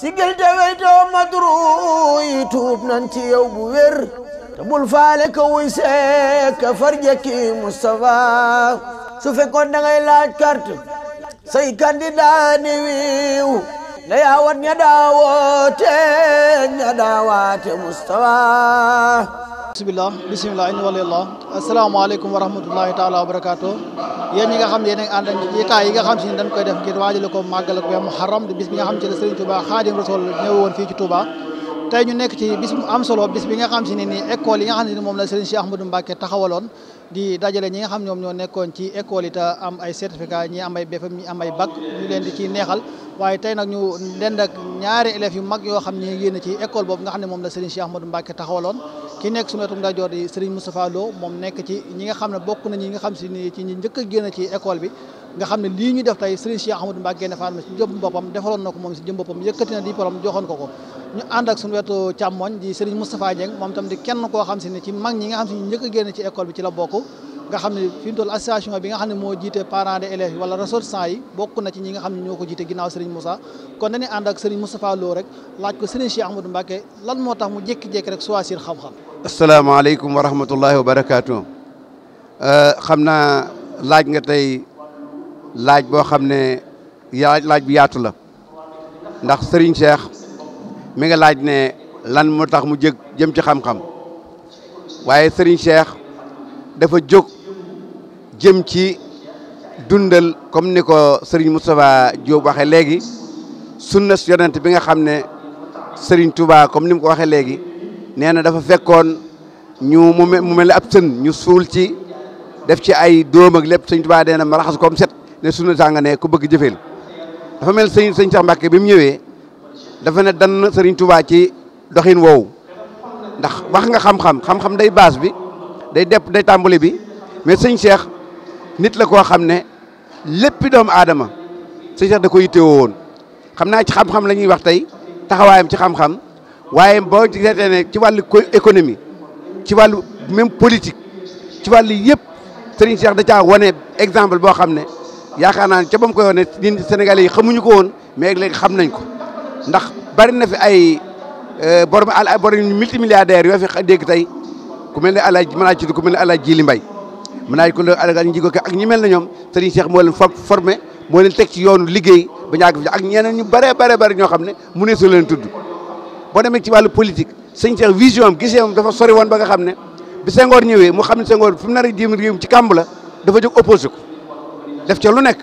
sigil te weytoo madru yi tuub nan ci yow bu wér te bul faale ka wuy seek ka farjekki Moustapha su fekkoon da ngay laaj carte say candidat ni wiiw na yaawat ña daawoote ña daawaate بسم الله بسم الله ان ولي الله السلام عليكم ورحمه الله تعالى وبركاته يين ييغا خامني ني اند ييتا ييغا خامني دنج كاي ديف كيت واديلو كو ماغال كو يام حرام دي بيس ميغا خامني سيرن خادم رسول نيوون في توبا tey ñu nekk ci bis bu am solo bis bi nga xam si ne nii école yi nga xam ne ni moom la Serigne Cheikh Ahmadou Mbacké taxawaloon di dajale ñi nga xam ñoo nekkoon ci école yi te ay certificat ñi am ay BFEM ci neexal waaye tey nag ñu dend ak ñaari élèves yu yoo xam ne yéen ci école boobu nga xam ne moom la Serigne Cheikh Ahmadou Mbacké taxawaloon ki nekk suñu wetu ndajoor di Serigne Moustapha Lo moom nekk ci ñi nga xam ne bokk na nga xam si ni ci ñi njëkk génn ci école bi nga xam ne lii ñu def tey Serigne Cheikh Ahmadou Mbacké ne faatma si jëm boppam defaloon na ko moom si jëm boppam yëkkati na diplôme joxoon ko ko ñu ànd ak suñu wetu càmmooñ di Serigne Moustapha Dieng moom tam kenn koo xam si ne ci mag ñi nga xam si ñu njëkk a ci école bi ci la bokk nga xam ne fi mu association bi nga xam ne moo jiite parents des élèves yi wala ressortissants yi bokk na ci ñi nga xam ne ñoo ko jiite ginnaaw Serigne Moussa kon dañuy ànd ak Serigne Moustapha Lo rek laaj ko Serigne Cheikh Ahmadou Mbacké lan moo tax mu jékki-jékki rek choisir xam-xam asalaamaaleykum wa rahmatullahi wa barakaatu euh, xam naa laaj nga tey laaj boo xam ne laaj bi yaatu la ndax Serigne mi nga laaj ne lan moo tax mu jëg jëm ci xam-xam waaye Serigne Cheikh dafa jóg jëm ci dundal comme ni ko Serigne Moustapha Diop waxee léegi sunna yonent bi nga xam ne Serigne Touba comme ni mu ko waxee léegi nee na dafa fekkoon ñu mu mu mel ab sën ñu suul ci def ci ay dóom ak lépp Serigne Touba dee na ma raxas comme set ne sunna sànga ne ku bëgg jëfeel dafa mel sëñ sëñ Cheikh Mbacke bi mu ñëwee dafa ne dan Serigne Touba ci doxin woowu ndax wax nga xam-xam day base bi day depp day tàmbali bi mais sëñ Cheikh nit la koo xam ne léppi doomu aadama sëñ da ko yittewoo woon xam naa ci xam-xam la ñuy wax tey taxawaayam ci xam-xam waaye boo seetee ne ci wàllu économie ci wàllu même politique ci wàllu yëpp Serigne Cheikh da caa wane exemple boo xam ne yaakaar naa ca ba mu koy wane ñun Sénégalais yi xamuñu ko woon mais léegi xam nañ ko ndax bari na fi ay borom ay borom multimilliardaires yoo fi dégg tey ku mel ne El Hadj mën naa ci ku mel ne Jili Mbaye mën naa ci ku mel ne ak ñi mel ne Serigne Cheikh moo leen formé moo leen teg ci yoonu liggéey ba ñàkk fi ak ñeneen ñu bare bare bare ñoo xam mu ne su leen tudd boo demee ci wàllu politique Serigne Cheikh vision am gisee moom dafa sori woon ba nga xam ne bi Senghor ñëwee mu xam ne Senghor fi mu nar a ci kàmb la dafa jóg opposé ko def ca lu nekk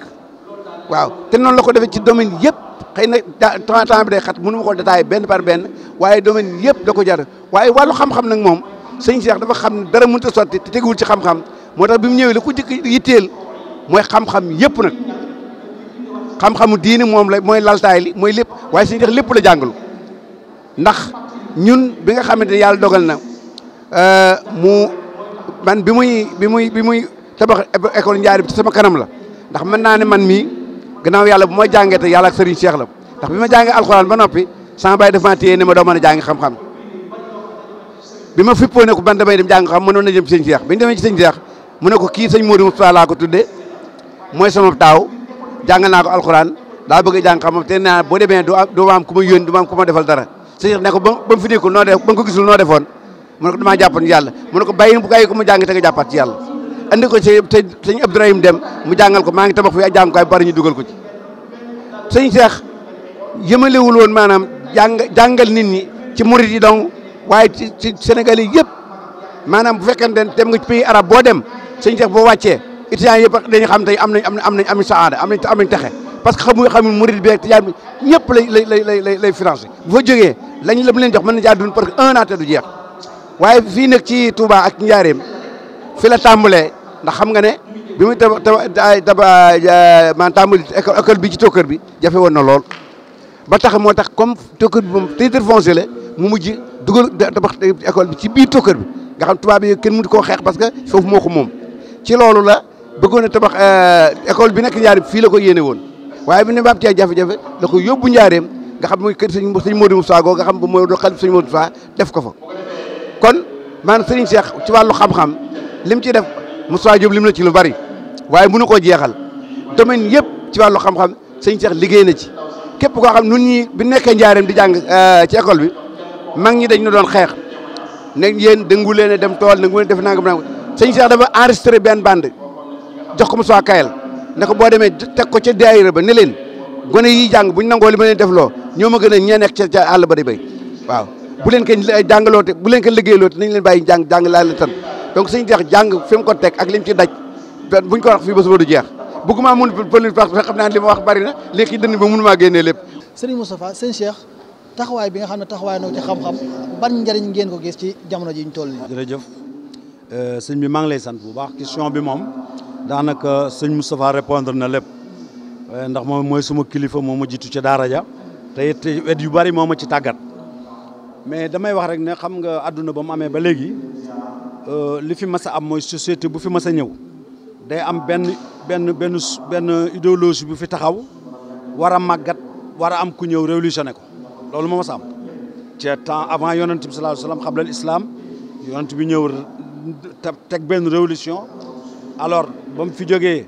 waaw te noonu la ko defee ci domaine yëpp xëy na temps temps bi day xat mënu ma ko détaillé benn par benn waaye domaine yëpp da ko jar waaye wàllu xam-xam nag moom sëñ Cheikh dafa xam ne dara mënut a sotti te teguwul ci xam-xam moo bi mu ñëwee li ko jëkk yitteel mooy xam-xam yëpp nag xam-xamu diini moom la mooy laltaay li mooy lépp waaye sëñ Cheikh lépp la jàngalu ndax ñun bi nga xamante ne yàlla dogal na euh, mu man bi muy bi muy bi muy tabax école njaari bi ci sama kanam la ndax mën naa man mii gannaaw yàlla bu ma jàngee te yàlla ak sëriñ Cheikh la ndax bi ma jàngee alxuraan ba noppi sama baay dafa téye ne ma doo mën a jàngi xam bi ma fippoo ne ko ban damay dem jàng xam mënoon na jëm ci sëñ bi ñu demee ci sëñ Cheikh mu ne ko kii sëñ Modou Moustapha laa ko tuddee mooy sama taaw jàng naa ko alxuraan daa bëgg a jàng xam-xam te naa boo demee du du ma am ku ma yónni du ma am ku dara sëñ Cheikh ne ko ba ba mu fi nekkul noo ko gisul noo defoon mu ne ko damaa jàppoon ci yàlla mu ne ko bàyyi bu gars yi ko mu jàng te yàlla andi ko ci te sëñ Abdourahim dem mu jàngal ko maa ngi tabax fi ay jàngukaay bari ñu dugal ko ci sëñ Cheikh yëmalewul woon maanaam jàng jàngal nit ñi ci murit yi donc waaye ci ci Sénégal yi yëpp maanaam bu fekkente ne dem nga ci pays arabe boo dem sëñ Cheikh boo wàccee étudiants yëpp dañu xam tey am nañ am nañ am saada am nañ am nañ texe parce que xamu xamul murit bi ak ñëpp lay lay lay lay lay financé bu fa jógee lañ la mu leen jox mën na jaa dund parce que un an te du jeex waaye fii nag ci Touba ak Njaareem fi la tàmbalee ndax xam nga ne bi muy taba taba man tàmbali école bi ci tokkër bi jafe woon na lool ba tax moo tax comme tokkër bi moom titre foncier la mu mujj dugal tabax école bi ci biir tokkër bi nga xam tubaab yi kenn mënu koo xeex parce que foofu moo ko moom ci loolu la bëggoon a tabax euh, école bi nekk Njaaréem fii la ko yéene woon waaye bi ne baam tee jafe-jafe la ko yóbbu Njaaréem nga xam mooy kër sëñ sëñ Modou Moussa goo nga xam mooy xalif sëñ Modou Moussa def ko fa kon maanaam sëriñ Cheikh ci wàllu xam-xam lim ci def Moustapha Diop lim na ci lu bari waaye mënu koo jeexal domaine yëpp ci wàllu xam-xam sëñ liggéey na ci képp koo xam nun ñi bi nekkee njaareem di jàng euh, ci école bi mag ñi dañ na doon xeex ne yéen dëngu leen dem tool nangu leen def nangam nangam sëñ Cheikh dafa enregistré benn bande jox ko Moustapha Kayel ne ko boo demee teg ko ca daayira ba ne leen gone yi jàng buñ nangoo li ma leen def loo ñoo ma gën a ñee nekk ca àll ba di béy waaw bu leen kenn jàngaloote bu leen kenn liggéeyloote nañ leen bàyyi jàng jàng laa leen tan donc sëñ Cheikh jàng fi mu ko teg ak lim ci daj buñ ko wax fii ba suba du jeex bëgguma mun pël parce que xam naa li ma wax bari na léegi dënn ba mënumaa génnee lépp. Serigne Moustapha sëñ Cheikh taxawaay bi nga xam ne taxawaay noo ci xam-xam ban njëriñ ngeen ko gis ci jamono ji ñu toll nii. jërëjëf euh, sëñ bi maa lay sant bu baax question bi moom daanaka sëñ Moustapha répondre na lépp euh, ndax moom mooy suma kilifa moo ma jiitu ca daara ja te it wet yu bari moo ci tàggat mais damay wax rek ne xam nga àdduna ba mu ba léegi. Euh, li fi mas a am mooy société bu fi mas a ñëw day am benn benn benn benn idéologie bu fi taxaw war a màggat war a am ku ñëw ne ko loolu moo mas am ci temps avant yonent bi sallallahu alayhi wasallam xablal islam yonent bi ñëw teg benn révolution alors ba fi jógee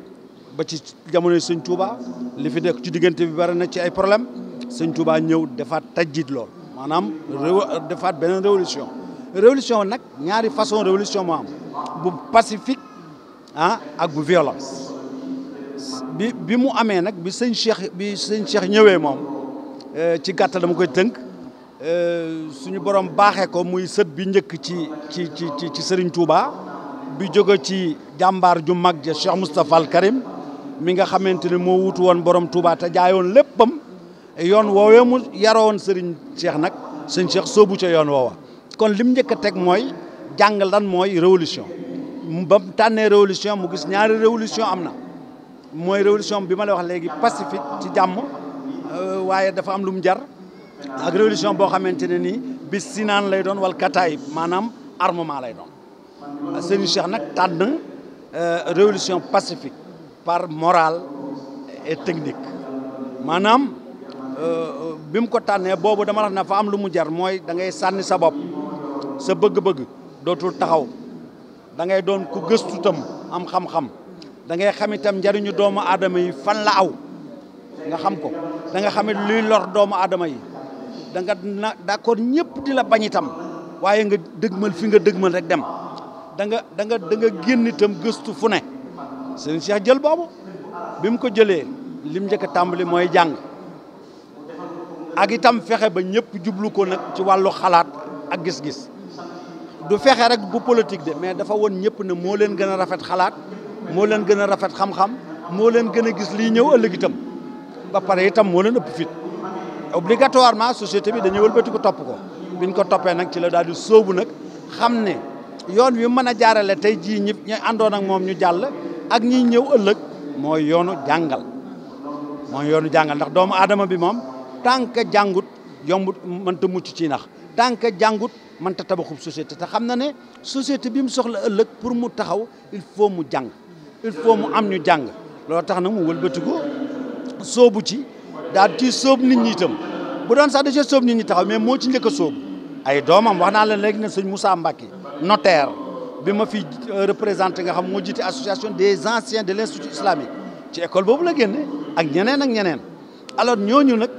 ba ci jamonoy sëñ Touba li fi nekk ci diggante bi bari na ci ay problème sëñ Touba ñëw defaat jiit lool maanaam defaat beneen révolution révolution nag ñaari façon révolution moo am bu pacifique ah ak bu violence bi mu amee nag bi sëñ Cheikh bi sëñ ñëwee moom euh, ci gàttal dama koy tënk euh, suñu borom baaxee ko muy sët bi njëkk ci ci ci ci Serigne Touba bi jóge ci jàmbaar ju mag ja Cheikh Moustapha al mi nga xamante ne moo wutu woon borom Touba te jaayoon léppam yoon woowee mu yaroon Serigne Cheikh nag sëñ Cheikh soobu ca yoon woowa. kon lim ñëk tek moy mooy dan lan révolution ba tané révolution mu gis ñaari révolution amna moy révolution bi ma la wax légui pacifique ci jàmm euh, waye dafa am lu mu jar ak révolution bo xamanteni ni bis sinan lay doon wal kataayib manam armement lay doon Serigne Cheikh euh, révolution pacifique par moral et technique manam euh, bi mu ko tané bobu dama wax na fa am lu mu jar moy da ngay sanni sa bop sa bëgg-bëgg dootul taxaw da ngay doon ku gëstu am xam-xam da ngay xam itam njariñu doomu aadama yi fan la aw nga xam ko da nga xam luy lor doomu aadama yi da nga d'accord ñëpp di la bañ itam waaye nga dëgmal fi nga dëgmal rek dem da nga da nga da nga génn itam gëstu fu ne seen Cheikh jël boobu bi mu ko jëlee lim njëkk a tàmbali mooy ak itam fexe ba ñëpp jublu ko nag ci wàllu xalaat ak gis-gis du fexe rek bu politique de mais dafa woon ñëpp ne moo leen gën a rafet xalaat moo leen gën a rafet xam-xam moo leen gën a gis lii ñëw ëllëg itam ba pare itam moo leen ëpp fit obligatoirement société bi dañuy wëlbati ko topp ko biñ ko toppee nag ci la daal di sóobu nag xam ne yoon wi mën a jaarale tey jii ñi ñu àndoon ak moom ñu jàll ak ñi ñëw ëllëg mooy yoonu jàngal moo yoonu jàngal ndax doomu aadama bi moom tant que jàngut yombut mënta mucc ci nax tant que jàngut mënta tabaxub société te xam na ne société bi mu soxla ëllëg pour mu taxaw il faut mu jàng il faut mu am ñu jàng loolu tax na mu wëlbatiku soobu ci daal ci soob nit ñi itam bu doon sax dajee soobu nit ñi taxaw mais moo ci njëkk a soobu ay doomam wax naa la léegi na sëñ Moussa Mbacké notaire bi ma fi euh, représenté nga xam moo jiite association des anciens de l'institut islamique ci école boobu la génne ak ñeneen ak ñeneen alors ñooñu nag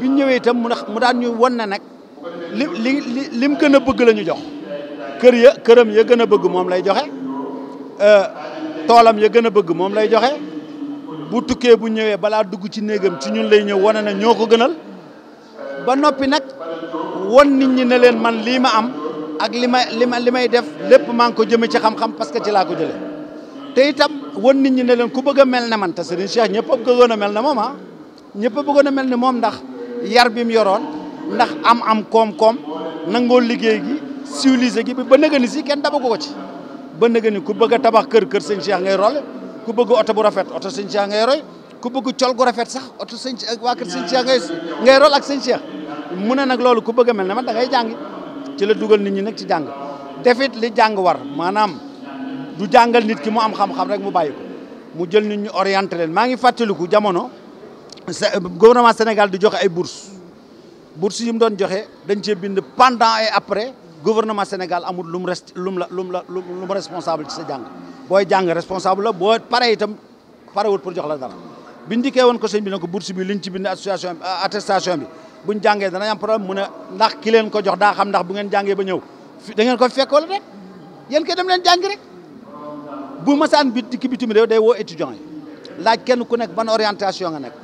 bi ñëwee itam mu mu daan ñu won na nag li li li lim gën a bëgg la jox kër ya këram ya gën a bëgg moom lay joxe euh, toolam ya gën a bëgg moom lay joxe bu tukkee bu ñëwee balaa dugg ci néegam ci ñun lay ñëw wane na ñoo ko gënal ba noppi nag won nit ñi ne leen man lii ma am ak li may li ma li may def lépp maa ngi ko jëme ci xam-xam parce que ci laa ko jële te itam won nit ñi ne leen ku bëgg a mel na man te Serigne Cheikh ñëpp a mel na moom ah ñëpp a bëggoon a mel ne moom ndax yar bi mu yoroon ndax am-am koom-koom nangoo liggéey gi civilisé gi ba nëgëni si kenn dabagu ko ci. ba nëgëni ku bëgg a tabax kër kër sëñ Cheikh ngay ku bëgg oto bu rafet oto sëñ Cheikh ngay ku bëgg col gu rafet sax oto sëñ waa kër sëñ Cheikh ngay ak sëñ Cheikh. mu ne nag loolu ku bëgg a mel ne ma da ngay jàng ci la dugal nit ñi nag ci jàng defit li jàng war maanaam du jàngal nit ki mu am xam-xam rek mu bàyyi mu jël nit ñu orienté maa ngi fàttaliku jamono gouvernement Sénégal di joxe ay bourse bourse yi mu doon joxe dañ cee bind pendant et après gouvernement Sénégal amul lu mu rest lu mu la lu mu la lu mu responsable ci sa jàng booy jàng responsable la boo pare itam parewul pour jox la dara biñ dikkee woon ko sëñ bi ne ko bourse bi liñ ci bind association euh, attestation bi buñ jàngee danañ am problème mu ne ndax ki leen ko jox daa xam ndax bu ngeen jàngee ba ñëw da ngeen ko fekk wala rek yéen kay dem leen jàngi rek bu masaan bi dikki bitim réew day woo étudiants yi laaj kenn ku nekk ban orientation nga nekk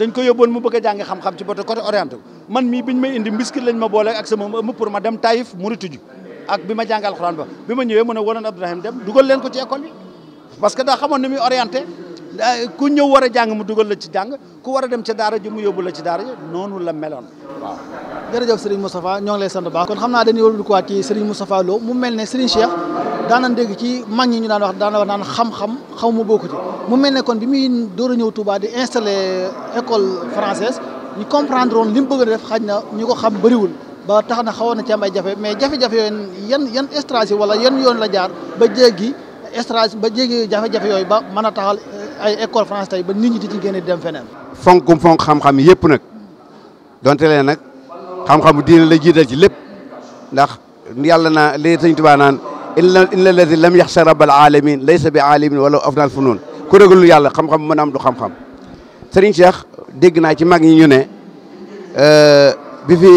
dañ ko yóbboon mu bëgg a jàngi xam-xam ci bote côté orienté man mii biñ may indi mbiskit lañ ma boole ak sama ëmb pour ma dem Taïf Murituju ak bi ma jàng alxuraan ba bi ma ñëwee mu ne waloon Abdourahim dem dugal leen ko ci école bi parce que daa xamoon ni muy orienté ku ñëw war a jàng mu dugal la ci jàng ku war a dem ca daara ji mu yóbbu la ci daara ji noonu la meloon waaw jërëjëf Serigne Moustapha ñoo ngi lay sant baax kon xam naa dañuy wëlbatiwaat ci Serigne Moustapha daanaan dégg ci mag ñi ñu daan wax daana wax naan xam-xam xaw ma bokkati mu mel ne kon bi muy door a ñëw Touba di installé école française ñu comprendre woon li mu bëgg a def xaj na ñu ko xam bariwul ba tax na xawoon na ci am ay jafe mais jafe-jafe yooyu yan yan stratégie wala yan yoon la jaar ba jéggi stratégie ba jéggi jafe-jafe yooyu ba mën a taxal eh, ay école française tey ba nit ñi di ci génne dem feneen. fonkum fonk xam-xam yëpp nag donte leen nag xam-xamu diine la jiital ci lépp ndax yàlla naa lee Sëñ Tuubaa إلا إلا الذي لم يخش رب العالمين ليس بعالم ولا أفنى الفنون كل يقول يلا خم خم من أم خم خم سرين شيخ دقنا شيء ما جيني نه آه، بفي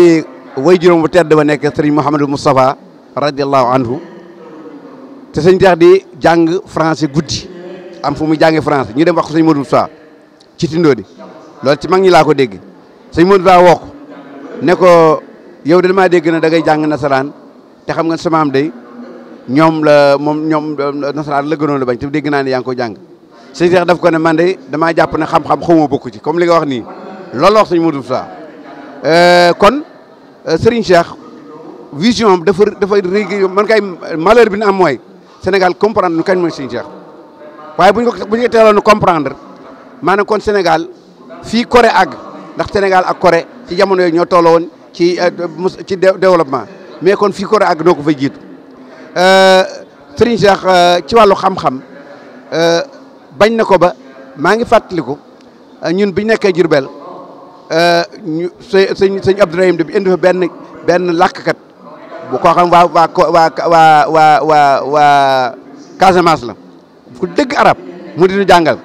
ويجرون بتر دوانك سرين محمد المصطفى رضي الله عنه تسين شيخ دي جانغ فرنسي غودي أم فمي جانغ فرنسي نيدم بخصوص سرين مدرسة تشتين دوري لو تسمع نيلا كو دقي سرين مدرسة وق نكو يودل ما دقنا دقي جانغ نصران تخم عن سمام دقي ñoom la moom ñoom nasaraan la gënoon la bañ te dégg naa ne yaa ko jàng sëñ Cheikh daf ko ne man de damaa jàpp ne xam-xam xawma bokk ci comme li nga wax nii loolu wax sëñ Modou Moussa euh, kon euh, Serigne Cheikh vision dafa dafa régi man kay malheur bi ñu am mooy Sénégal comprendre nu kañ mooy Serigne Cheikh waaye bu ñu ko bu ñu ko teeloon comprendre maanaam kon Sénégal fii Corée àgg ndax Sénégal ak Corée ci jamono yooyu ñoo tolloo woon ci euh, ci développement mais kon fii Corée àgg noo ko fa Euh, Serigne Cheikh euh, ci wàllu xam-xam euh, bañ na ko ba maa ngi fàttaliku ñun biñ nekkee Jurbel ñu sëñ sëñ Abdourahim de bi indi fa benn benn làkkat bu koo wa waa waa waa waa waa waa Casamance la ku dëgg arab mu di ñu jàngal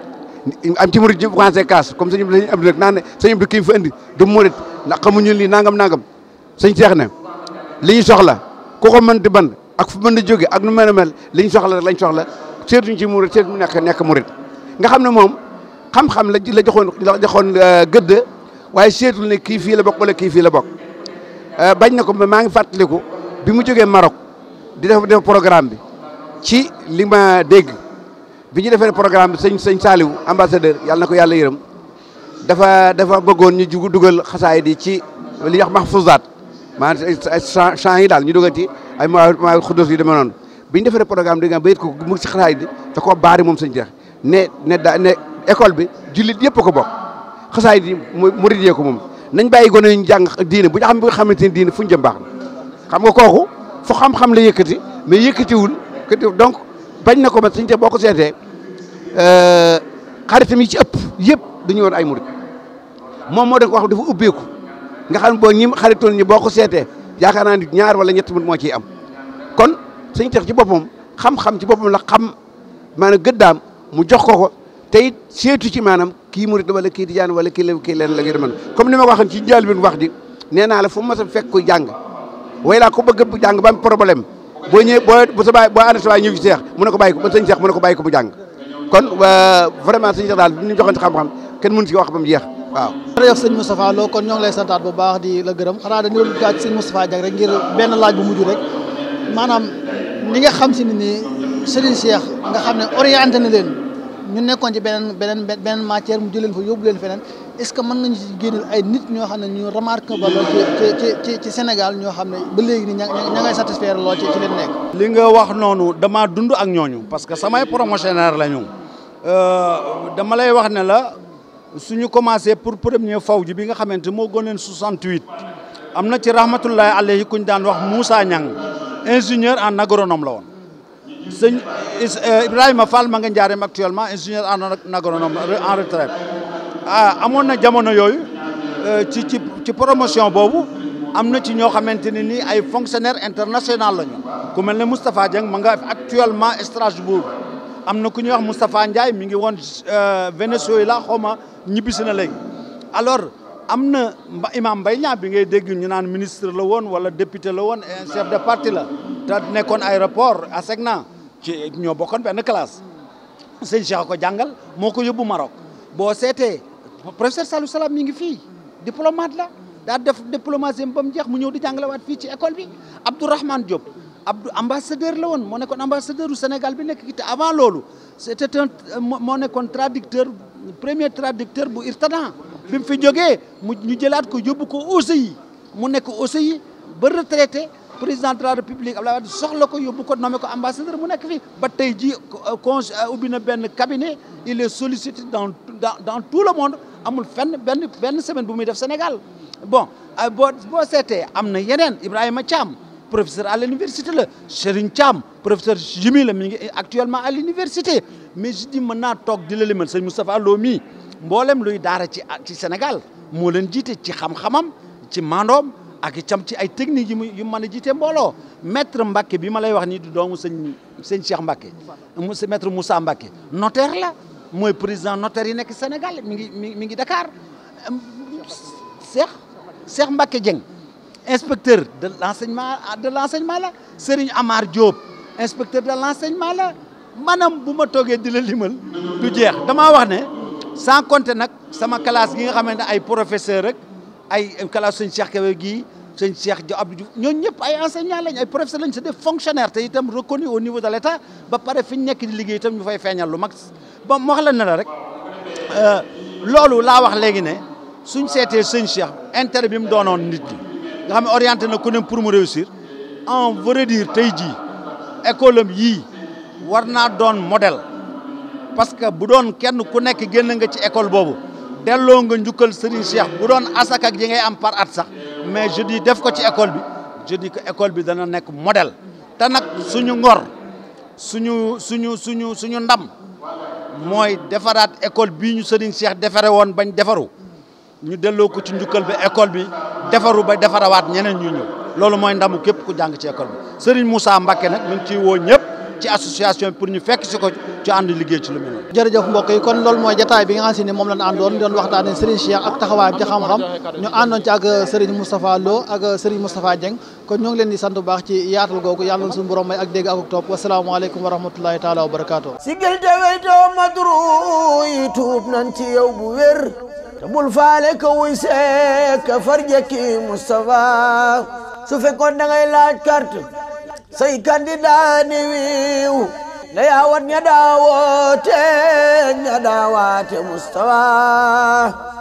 am ci murid ji français kaas comme sëñ sëñ Abdou nag naan ne sëñ Abdou kii fa indi du murid ndax xamuñu lii nangam nangam sëñ Cheikh ne li ñu soxla ku ko mën di ban ak fu mën a joge ak nu mën a mel liñ soxla rek lañ soxla seetuñ ci murit seet mu nekk nekk murit nga xam ne moom xam-xam la la joxoon la joxoon euh, gëdd waaye seetul ne kii fii la bokk wala kii fii la bok euh, bañ na ko mais maa ngi ko bi mu jógee Maroc di def def programme bi ci li ma dégg bi ñu defee programme bi sëñ sëñ Saliou ambassadeur yàlla na ko yàlla yërëm dafa dafa bëggoon ñu jugu dugal xasaay di ci li ñuy wax maanaam champs yi daal ñu dugal ay mawaahibul xudus yi demee noonu bi ñu programme di nga bayit ko mu ngi ci xasaayid bi te koo baari moom sëñ Cheikh ne ne daa école bi jullit yëpp ko bokk xasaayid yi murid yee ko moom nañ bàyyi gone ñu jàng diine bu ñu xam bu xamante ne diine fu ñu jëm baax na xam nga kooku fu xam-xam la yëkkati mais yëkkatiwul donc bañ na ko man sëñ Cheikh boo ko seetee euh, xaritam yi ci ëpp yëpp dañu woon ay murid moom moo de ko wax dafa ubbeeku nga xam bo ñi xaritoon ñi boko sété seetee yaakaar nit ñaar wala ñett mën moo am kon señ tax ci boppam xam-xam ci boppam la xam manam gëddam mu jox ko ko te sétu seetu ci maanaam kii murit wala kii tijaan wala ki la ki len la ngir man comme ni ma ci njaal bi wax di neena la fu ma sa fekk ko jang way laa ko bëgg bu jang ba problème bo ñe bo bu sa bay bo ànd sa bàyyi ñëw ci seex mu ne ko bàyyi ko ba sëñ mu ne ko bàyyi ko mu kon vraiment señ tax dal ñu joxante xam-xam ken mu ci wax bam jeex waaw jërëjëf sëñ kon ñoo ngi lay santaat bu baax di la gërëm xanaa dañu doon laaj sëñ Moustapha Diagne bu mujj rek maanaam ñi nga xam si ne nii Serigne Cheikh nga xam ne orienté na leen ñu nekkoon ci beneen beneen beneen matière mu jëleen fa yóbbu leen feneen est-ce que mën nañu ci ay nit ñoo xam ne ñu remarque ba lool ci ci ci Sénégal ñoo xam ne ba léegi ni ña ña ngay satisfaire lool ci ci leen nekk. li nga wax noonu damaa dund ak ñooñu parce que samay promotionnaire la ñu euh, dama lay wax ne la. su ñu commencé pour premier faw ji bi nga xamante moo gënoon 68 am na ci rahmatullahi alayhi kuñ daan wax Moussa Niang ingénieur en agronome la woon sëñ euh, Ibrahima Fall ma nga njaareem actuellement ingénieur en agronome en retraite ah amoon na jamono yooyu euh, ci ci ci promotion boobu am na ci ñoo xamante ne nii ay fonctionnaire international la ñu ku mel ne Moustapha Dieng ma actuellement Strasbourg am na ku ñuy wax Moustapha Ndiaye mi ngi woon euh, Venezuela xaw ma ñibbisi na léegi alors am na Imam mbay Niang bi ngay dégg ñu naan ministre la woon wala député la woon chef de parti la te nekkoon aéroport ASECNA ci ñoo bokkoon benn classe sëñ Cheikh ko jàngal moo ko yóbbu Maroc boo seetee professeur Salou Salam mi ngi fii diplomate la daa def diplomatie ba mu jeex mu ñëw di jàngalewaat fii ci école bi Abdourahmane Diop Abdou ambassadeur la woon moo nekkoon ambassadeur u Sénégal bi nekk te avant loolu c'était un moo nekkoon traducteur premier traducteur bu Irtadan bi mu fi jógee mu ñu jëlaat ko yóbbu ko OCI e mu nekk OCI e ba retraité président de la république Abdoulaye Wade soxla ko yóbbu ko nommé ko ambassadeur mu nekk fi ba tey jii euh, con euh, ubbi na benn cabinet il est sollicité dans dans tout le monde amul fenn benn benn semaine bu muy def Sénégal bon euh, boo boo seetee am na yeneen Ibrahima Thiam. professeur à l'université la Serigne Thiam professeur Jimi la mi actuellement à l'université mais je dis mën naa toog di la limal sëñ Moustapha Lo mii mboolem luy daara ci ci Sénégal moo leen jiite ci xam-xamam ci maandoom ak cam ci ay techniques yu muy yu mën a maître Mbaké, bi ma lay wax nii du doomu sëñ sëñ Cheikh Mbacke monsieur maître Moussa Mbaké. notaire là, mooy président notaire yi nekk Sénégal mi ngi Dakar Cheikh Cheikh Mbacke Dieng inspecteur de l'enseignement de l'enseignement la Serigne Amar Diop inspecteur de l'enseignement la maanaam bu ma toogee di la limal du jeex damaa wax ne sans compter nag sama classe gi nga xamante ne ay professeur rek ay classe sëñ Cheikh Kawe gii sëñ Cheikh Dio Abdou Diouf ñooñu ñëpp ay enseignants lañ ay professeurs lañ c'est des fonctionnaires te itam reconnu au niveau de l'État ba pare fi ñu nekk liggéey itam ñu fay feeñal lu mag ba ma wax la ne la rek euh, loolu laa wax léegi ne suñ seetee sëñ Cheikh intérêt bi mu doonoon nit ñi nga xam ne orienté na ku pour mu réussir en vrai dire tey école am yii Don naa modèle parce que bu doon kenn ku nekk génn nga ci école boobu delloo nga njukkal Serigne Cheikh bu doon asak ak yi ngay am par at sax mais je dis def ko ci école bi je dis que école bi dana nekk modèle te nag suñu ngor suñu suñu suñu suñu ndam mooy defaraat école bii ñu Serigne Cheikh defare woon bañ defaru ñu delloo ko ci njukkal bi école bi defaru ba wat ñeneen ñu ñew lolu moy ndamu kep ku jang ci école Serigne Moussa Mbacké nak ñu ci wo ñep ci association pour ñu fekk ci ko ci and liggéey ci lu mel jërëjëf mbokk yi kon lolu moy jotaay bi nga xam mom moom lañ àndoon doon waxtaane Serigne Cheikh ak taxawaay ci xam-xam ñu àndoon ci ak Serigne Moustapha Lo ak Serigne Moustapha jeng kon ñoo ngi leen di sant bu baax ci yaatal googu yalla sun borom may ak deg ak topp alaykum wa rahmatullahi taala wa barakaatu sigil te weytoo madru yi tuub ci yow bu wer te bul faale ka wuy see ka farjaki Moustapha su fekkoon da ngay laaj carte say candidat ni wiiw ña daawoote ña daawaate Moustapha